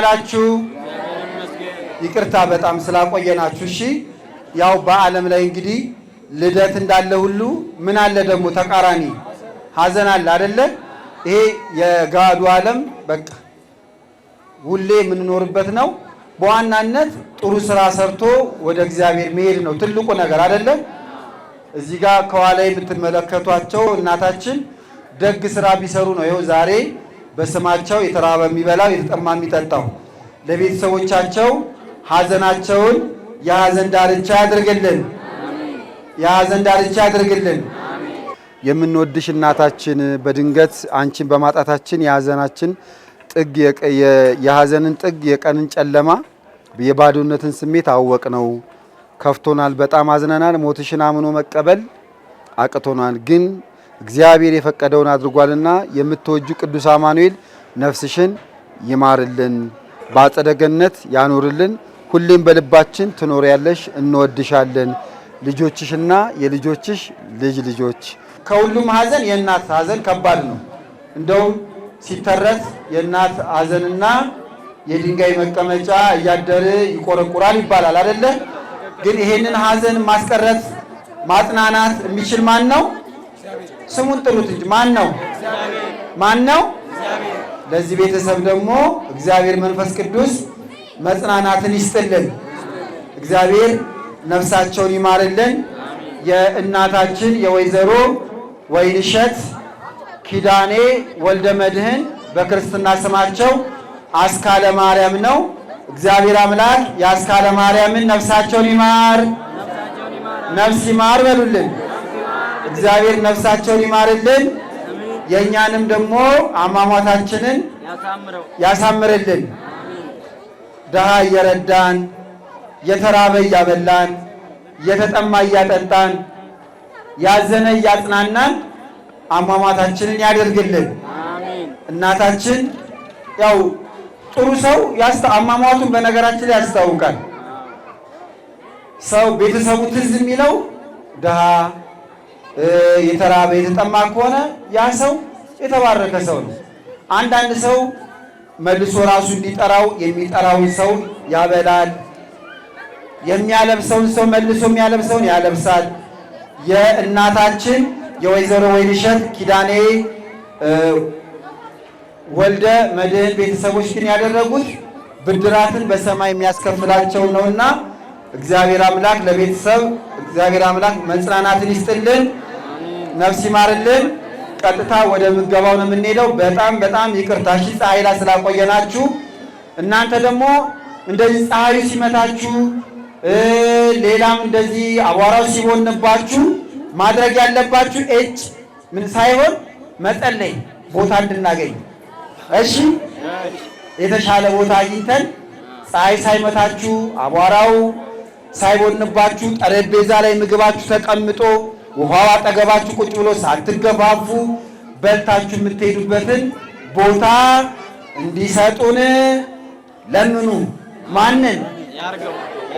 አላችሁ? ይቅርታ በጣም ስላቆየናችሁ። እሺ ያው በዓለም ላይ እንግዲህ ልደት እንዳለ ሁሉ ምን አለ ደግሞ ተቃራኒ ሀዘን አለ አይደለ? ይሄ የጋዱ ዓለም በቃ ሁሌ የምንኖርበት ነው። በዋናነት ጥሩ ስራ ሰርቶ ወደ እግዚአብሔር መሄድ ነው ትልቁ ነገር አደለ? እዚህ ጋር ከኋላ የምትመለከቷቸው እናታችን ደግ ስራ ቢሰሩ ነው። ይኸው ዛሬ በስማቸው የተራበ የሚበላው የተጠማ የሚጠጣው ለቤተሰቦቻቸው ሐዘናቸውን የሐዘን ዳርቻ ያድርግልን፣ የሐዘን ዳርቻ ያድርግልን። የምንወድሽ እናታችን በድንገት አንቺን በማጣታችን የሐዘናችን ጥግ የሐዘንን ጥግ የቀንን ጨለማ የባዶነትን ስሜት አወቅ ነው። ከፍቶናል፣ በጣም አዝነናል። ሞትሽን አምኖ መቀበል አቅቶናል ግን እግዚአብሔር የፈቀደውን አድርጓልና የምትወጁ ቅዱስ አማኑኤል ነፍስሽን ይማርልን፣ በአጸደ ገነት ያኖርልን። ሁሌም በልባችን ያለሽ እንወድሻለን። ልጆችሽና የልጆችሽ ልጅ ልጆች። ከሁሉም ሀዘን የእናት ሀዘን ከባድ ነው። እንደውም ሲተረት የእናት ሀዘንና የድንጋይ መቀመጫ እያደረ ይቆረቁራል ይባላል አደለ? ግን ይሄንን ሀዘን ማስቀረት ማጽናናት የሚችል ማን ነው? ስሙን ጥሩት እንጂ ማን ነው? ማን ነው? ለዚህ ቤተሰብ ደግሞ እግዚአብሔር መንፈስ ቅዱስ መጽናናትን ይስጥልን። እግዚአብሔር ነፍሳቸውን ይማርልን። የእናታችን የወይዘሮ ወይንሸት ኪዳኔ ወልደ መድህን በክርስትና ስማቸው አስካለ ማርያም ነው። እግዚአብሔር አምላክ የአስካለ ማርያምን ነፍሳቸውን ይማር፣ ነፍስ ይማር በሉልን። እግዚአብሔር ነፍሳቸውን ይማርልን፣ የእኛንም ደግሞ አሟሟታችንን ያሳምርልን። ድሃ እየረዳን የተራበ እያበላን የተጠማ እያጠጣን ያዘነ እያጽናናን አሟሟታችንን ያደርግልን። እናታችን ያው ጥሩ ሰው አሟሟቱን በነገራችን ላይ ያስታውቃል። ሰው ቤተሰቡ ትዝ የሚለው ድሃ የተራበ የተጠማ ከሆነ ያ ሰው የተባረከ ሰው ነው። አንዳንድ ሰው መልሶ ራሱ እንዲጠራው የሚጠራውን ሰው ያበላል፣ የሚያለብሰውን ሰው መልሶ የሚያለብሰውን ያለብሳል። የእናታችን የወይዘሮ ወይንሸት ኪዳኔ ወልደ መድህን ቤተሰቦች ግን ያደረጉት ብድራትን በሰማይ የሚያስከፍላቸው ነውና እግዚአብሔር አምላክ ለቤተሰብ እግዚአብሔር አምላክ መጽናናትን ይስጥልን። ነፍስ ይማርልን። ቀጥታ ወደ ምገባው ነው የምንሄደው። በጣም በጣም ይቅርታ ሺ ፀሐይ ላይ ስላቆየናችሁ። እናንተ ደግሞ እንደዚህ ፀሐዩ ሲመታችሁ፣ ሌላም እንደዚህ አቧራው ሲቦንባችሁ ማድረግ ያለባችሁ እጅ ምን ሳይሆን መጸለይ ቦታ እንድናገኝ እሺ፣ የተሻለ ቦታ አግኝተን ፀሐይ ሳይመታችሁ አቧራው ሳይቦንባችሁ ጠረጴዛ ላይ ምግባችሁ ተቀምጦ ውሃው አጠገባችሁ ቁጭ ብሎ ሳትገፋፉ በልታችሁ የምትሄዱበትን ቦታ እንዲሰጡን ለምኑ። ማንን?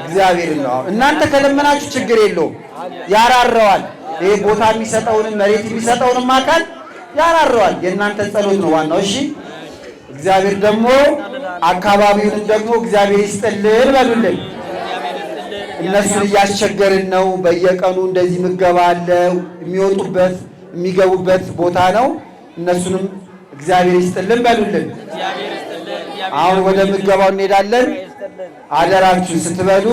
እግዚአብሔር ነው። እናንተ ከለመናችሁ ችግር የለውም፣ ያራረዋል። ይህ ቦታ የሚሰጠውንም መሬት የሚሰጠውንም አካል ያራረዋል። የእናንተ ጸሎት ነው ዋናው። እሺ፣ እግዚአብሔር ደግሞ አካባቢውንም ደግሞ እግዚአብሔር ይስጥልን በሉልን። እነሱን እያስቸገርን ነው። በየቀኑ እንደዚህ ምገባ አለ። የሚወጡበት የሚገቡበት ቦታ ነው። እነሱንም እግዚአብሔር ይስጥልን በሉልን። አሁን ወደ ምገባው እንሄዳለን። አደራችሁ ስትበሉ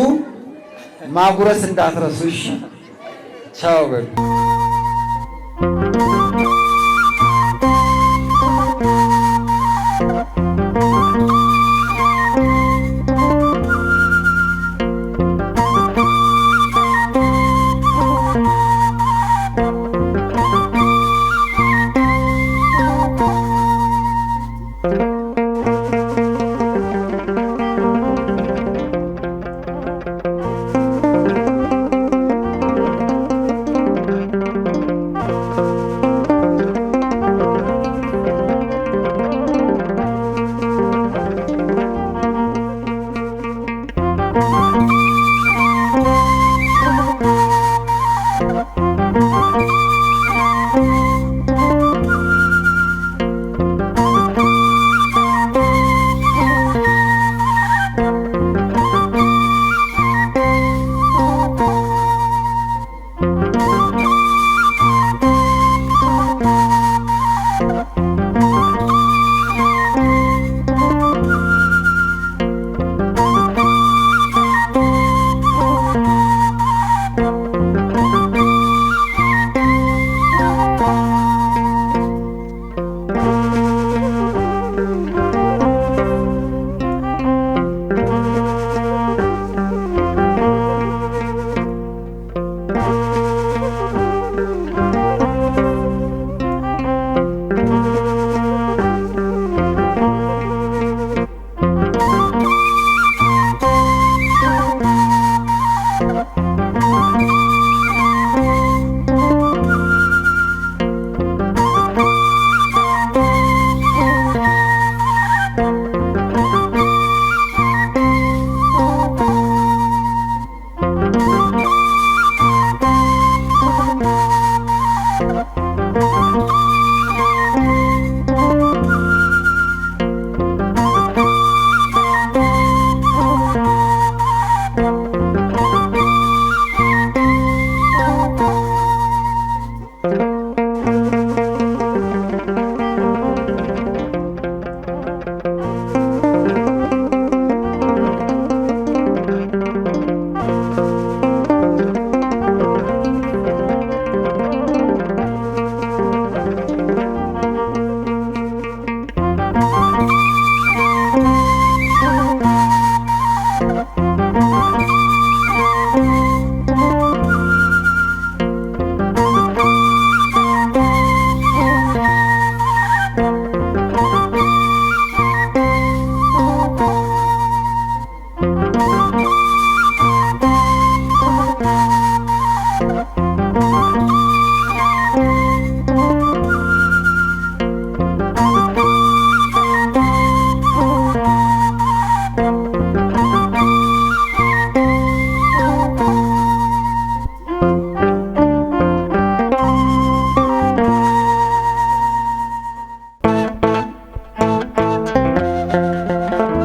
ማጉረስ እንዳትረሱሽ። ቻው በሉ።